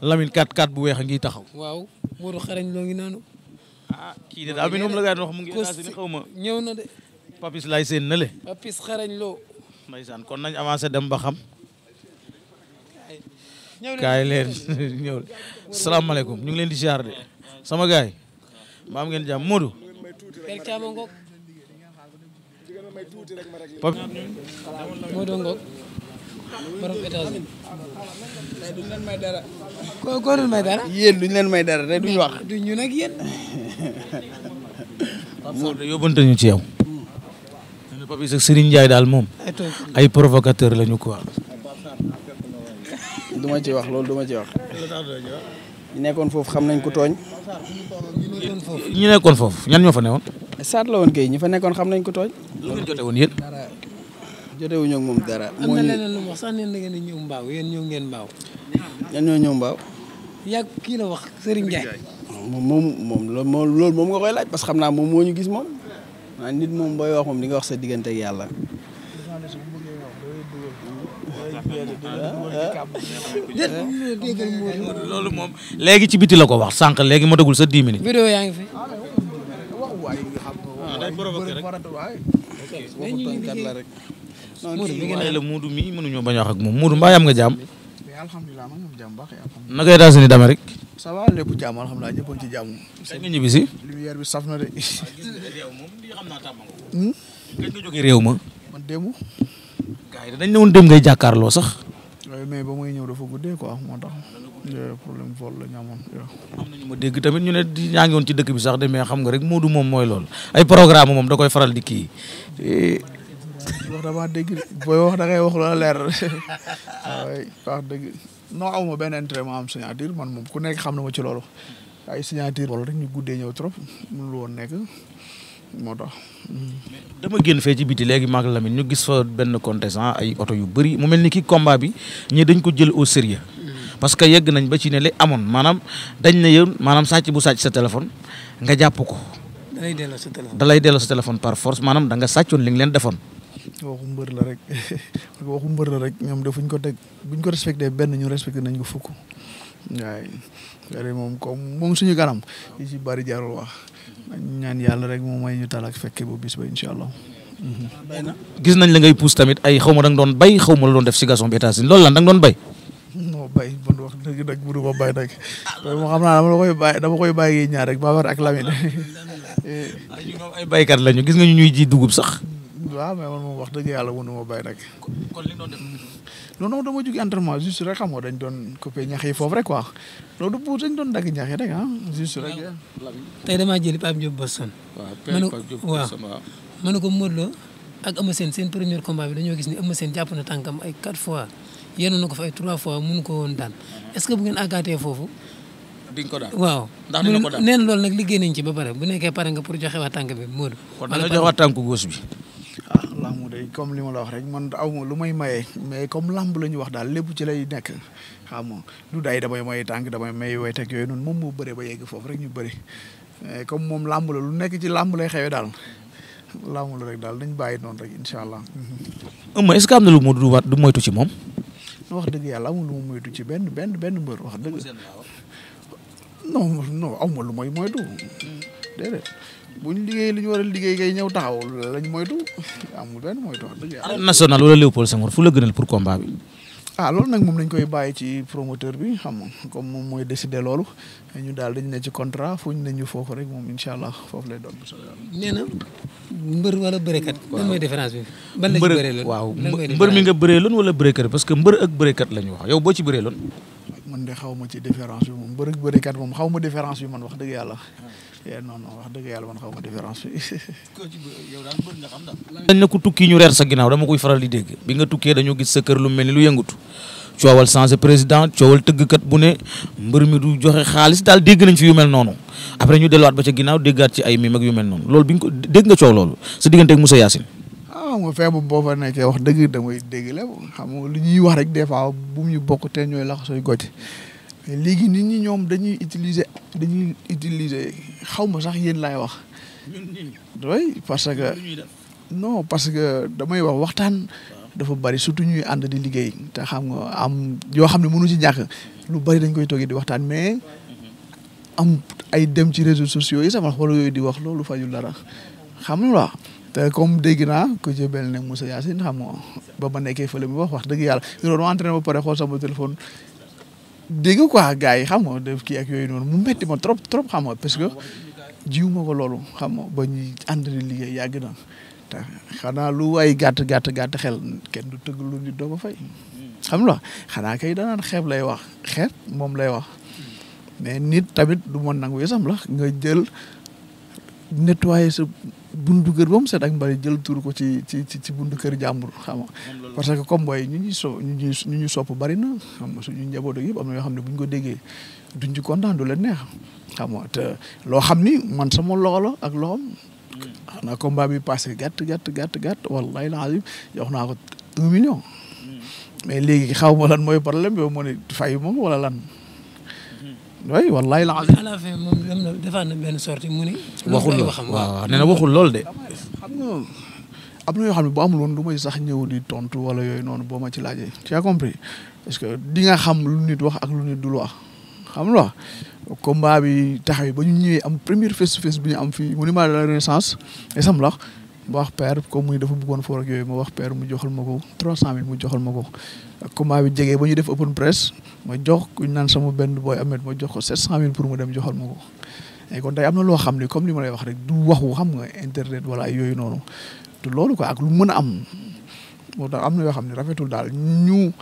Lamine 4-4 bu weex a ngi taxaw. waaw Modou xarañ loo ngi noonu. Ah, kii de daal bi moom la gars wax mu ngi états-unis ma. ñëw na de. Papis lay seen na le. Papis xarañ loo. ndeysaan kon nañ avancé dem ba xam. kaay leen ñëw salaamaaleykum ñu ngi leen di ziar de sama gars yi maam ngeen jàmm Modou. Papi Modou Ngok. borom États-Unis. tey duñ leen may dara. koo koo duñ may dara. yéen duñ leen may dara wax. ñu nag yéen. ci yow. ne Pape Issa daal moom. ay provocateur lañu quoi. du ma ci wax loolu du ma ci wax. ñu nekkoon foofu xam nañ ku tooñ. ñu nekkoon foofu ñan ñoo fa newoon. saat ñi fa nekkoon xam nañ ku tooñ. lu jotewuñu ak moom dara. am na leneen lu mu wax sax neen da ngeen di ñoo ñëw mbaaw. yàgg kii la wax Serigne que xam naa moom moo ñu gis moom. waaw nit moom wax sa diggante ak yàlla. loolu moom léegi ci biti la ko wax sànq léegi ma sa 10 yaa ngi fi. Moodu mi ngi ne la Moodu mi mënuñoo bañ a moom Moodu mbaa yam nga jàmm. alhamdulilah maa ngi am jàmm baax alhamdulilah. naka États-Unis d'Amérique. ça va lépp jàmm alhamdulilah ñëpp ci jàmm. ñibbi si. lumière bi saf na ah, réew moom xam naa tàmm hmm? nga. réew ma. man démb. gars dañ ne woon démb jàkkaarloo sax. waaye mais ba muy ñëw dafa guddee quoi moo tax. problème vol la ñu amoon. am na ñu ma dégg tamit ñu ne ñaa ngi woon ci dëkk bi sax de mais xam nga rek Moodu moom mooy lool ay programme moom da koy faral di kii. Eh, wax damaa dégg booy wax da ngay wax loola leer waaye wax dëgg non amuma benn intérêt ma am signature man moom ku nekk xam na ma ci loolu ay signature loolu ñu guddee ñëw trop mënul woon nekk moo tax. dama génn fee ci biti léegi maag Lamine ñu gis fa benn contestant ay oto yu bëri mu mel ni ki combat bi ñi dañ ko jël au sérieux parce yegg nañ ba ci ne li amoon maanaam dañ ne yow maanaam sàcc bu sàcc sa téléphone nga jàpp ko. da lay delloo sa téléphone da lay delloo par force maanaam da nga li nga leen defoon. waxu mbër la rek waxu mbër la rek ñoom defuñ ko teg buñ ko respecté benn ñu respecté nañ ko fukk waaye moom comme moom suñu kanam ci bari jaarul wax ñaan yàlla rek moom may ñu tal ak fekke bu bis ba incha allah. Mhm. gis nañ la ngay pousse tamit ay xaw ma da doon bay xaw ma la doon def si gason bi États-Unis loolu lan da doon bay. non bay man wax dëgg nag bu ma bay nag moo xam koy bàyyi dama koy bàyyi ñaar rek ak Lamine. ay baykat lañu gis nga ñu ñuy ji dugub sax. waaw mais man moom wax dëgg yàlla mënu ma bay nag. kon li doon def non non dama jóge entraînement juste rek dañ doon coupé ñax yi foofu rek quoi loolu bu dañ doon dagg ñax yi rek ah damaa jëli Pape Diop Boston. waaw Pape Diop Boston waaw ma ne ko Modou Lo ak Eumeu seen premier combat bi dañoo gis ni Eumeu Sène jàpp na ay quatre fois yéen na ko fa ay trois fois mënu ko woon daan est-ce que ngeen àggaatee foofu. di nga ko daal waaw. ndax dina ko na loolu nag liggéey nañ ci ba pare bu nekkee pare nga pour joxe waa tànk bi Modou. kon joxe waa tànk gauche bi. làmb day comme li ma la wax rek man aw ma lu may may mais comme lamb la ñu wax daal lépp ci lay nekk xam nga du day damay may tànk damay may wet ak yooyu noonu moom moo bëre ba yegg foofu rek ñu bëri mais comme moom làmb la lu nekk ci làmb lay xewee daal làmb la rek daal dañ bàyyi noonu rek incha allah. am na lu mu du wat du moytu ci moom. wax dëgg yàlla amul lu mu ci benn benn benn mbër wax dëgg. non non lu may moytu bu ñu liggéey li ñu war a liggéey kay ñëw taxaw lañ moytu amul benn moytu wax dëgg yàlla. national wala Léopold Senghor fu la gënal ah, moom koy bàyyi ci promoteur bi xam nga comme moom mooy décider loolu daal dañ ne ci contrat fu ñu ñu foofu rek moom incha allah foofu lay doon. nee na mbër wala bëreekat. waaw lan mooy waaw mbër mi wala bëreekat parce que mbër ak bëreekat la ñu wax yow boo ci bëree loon. man de xaw ma ci différence bi moom mbër ak bëreekat moom xaw ma différence bi man wax dëgg yàlla Eh, non non wax dëgg yàlla man xaw ma différence bi. yow daal bëri nga xam dañ ne ku tukki ñu reer sa ginnaaw dama koy faral di dégg bi nga tukkee dañoo gis sa kër lu mel ni lu yëngatu coowal changé président coowal kat bu ne mbër mi du joxe xaalis daal dégg nañ fi yu mel noonu après ñu delluwaat ba ca ginnaaw déggaat ci ay mim mag yu mel noonu loolu bi nga ko dégg nga coow loolu sa diggante ak Moussa Yacine. ah nga feebu boo fa nekkee wax dëgg damay dégg la xam nga lu ñuy wax rek des fois bu mu ñu bokk te ñooy laxasooy gocc mais léegi nit ñi ñoom dañuy utiliser dañuy utiliser xaw ma sax yéen laay wax. oui parce que. non parce que damay wax waxtaan. dafa bari surtout ñuy ànd di liggéey. te xam nga am yoo xam ne mënu ci ñàkk lu bari dañ koy toogee di waxtaan mais. Mm-hmm. am ay dem ci réseaux sociaux yi sama xol yooyu di wax loolu fa fajul dara xam na waaw. te comme dégg naa ku ci mel ne Moussa Yacine xam nga ba ma nekkee fële bi wax wax dëgg yàlla ñu doon entraîné ba pare xool sama téléphone. dégg quoi gars yi xam nga def kii ak yooyu noonu mu métti ma trop trop xam nga parce que jiw ma ko loolu xam nga ba ñuy ànd liggéey yàgg na te xanaa lu waay gàtt gàtt gàtt xel kenn du tëgg lu nit doo ko fay. xam nga xanaa kay danaan xeeb lay wax xeeb moom lay wax mais nit tamit du mën nangu yësam la nga jël nettoyer sa. buntu kër ba mu set ak mbari jël tuur ko ci ci ci buntu kër jàmbur xam nga parce que comme booy ñu ñuy so ñu ñuy ñu ñuy sopp bari na xam nga suñu njaboot ak yëpp am na yoo xam ne bu ñu ko déggee duñ ci kontaan du leen neex xam nga te loo xam ni man sama loxo ak ak loxoom. Hmm. xanaa combat bi passé gàtt gàtt gàtt gàtt wallahi la azim jox naa ko million. Hmm. mais léegi xaw ma lan mooy problème yow moo ne fay moom wala lan. way wallahi la à la fin moom dem na defaat na benn sortie mu ni waxul lool de xam nga am na yoo xam ne boo am woon du may sax ñëw di tontu wala yooyu noonu boo ma ci laajee tu as compris parce que di nga xam lu nit wax ak lu nit dul wax xam nga combat bi taxawee ba ñu ñëwee am première face to bi ñu am fii monument de la renaissance esam lax ma wax père comme muy dafa bëggoon foor ak yooyu ma wax père mu joxal ma ko trois cent mu joxal ma ko combat bi jegee ba ñu def open press ma jox ku ñu naan sama benn booy Ahmed ma jox ko 700000 pour mu dem joxal ma ko. léegi am na loo xam ne comme li ma lay wax rek du waxu xam nga internet wala yooyu noonu te loolu quoi ak lu mën a am moo tax am na yoo xam ne rafetul daal ñu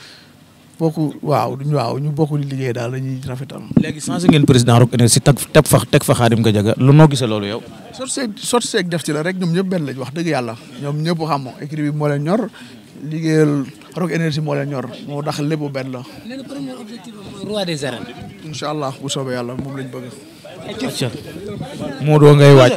bokk waaw waaw ñu bokk liggéey daal la ñuy rafetal. léegi changé ngeen président Rock Énergie e si teg teg fa teg fa Khadim Gadiaga lu noo loolu yow. sot seeg sot seeg def ci la rek ñoom ñëpp benn lañ wax dëgg yàlla ñoom ñëpp xam nga écrit bi moo leen ñor liggéeyal Rock Énergie moo leen ñor moo tax lépp benn la. léegi premier objectif allah bu soobee yàlla moom lañ bëgg. Modou ngay waaj.